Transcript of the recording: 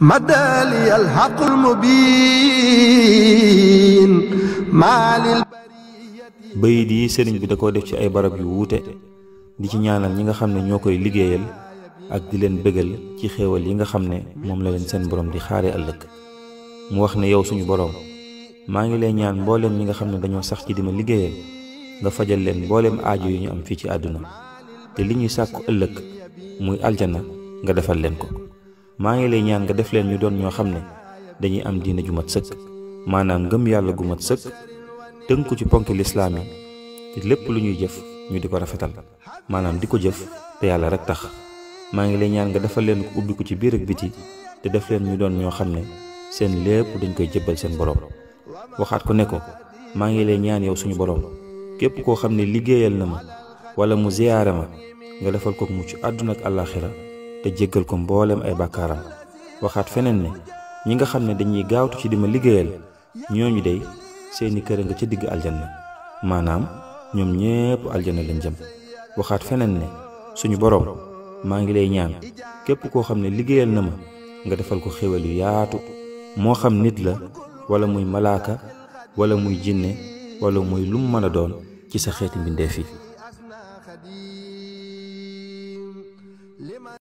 مدالي الحق المبين ما للبرية bayit yi sëriñ bi da koo def ci ay barab yu wuute di ci ñaanal ñi nga xam ne ñoo koy liggéeyal ak di leen bëggal ci xéewal yi nga xam ne moom la leen seen borom di xaare ëllëg mu wax ne yow suñu borom maa ngi leen ñaan mbooleem ñi nga xam ne dañoo sax ci dima liggéeyal nga fajal leen mbooleem aajo yi ñu am fii ci àdduna te li ñuy sàkku ëllëg muy aljana nga defal leen ko maa ngi lay ñaan nga def leen ñu doon ñoo xam ne dañuy am diina ju mat sëkk maanaam ngëm yàlla gu mat sëkk tënku ci ponki lislaam yi te lépp lu ñuy jëf ñu di ko rafetal maanaam di ko jëf te yàlla rek tax maa ngi lay ñaan nga defal leen ko ubbi ko ci biir ak biti te def leen ñu doon ñoo xam ne seen lépp dañ koy jébbal seen borom waxaat ko ne ko maa ngi lay ñaan yow suñu borom képp koo xam ne liggéeyal na ma wala mu ziyaare ma nga defal ko mucc àdduna ak te jéggal ko mbooleem ay bàkkaaram waxaat feneen ne ñi nga xam ne dañuy gaawtu ci di dima liggéeyal ñooñu dey seeni kër a nga ca digg aljanna maanaam ñoom ñépp aljanna lañ jëm waxaat feneen ne suñu boroom maa ngi lay ñaan képp koo xam ne liggéeyal na ma nga defal ko xéwal yu yaatu moo xam nit la wala muy malaaka wala muy jinne wala muy lu mu mën a doon ci sa xeeti mbindeef yi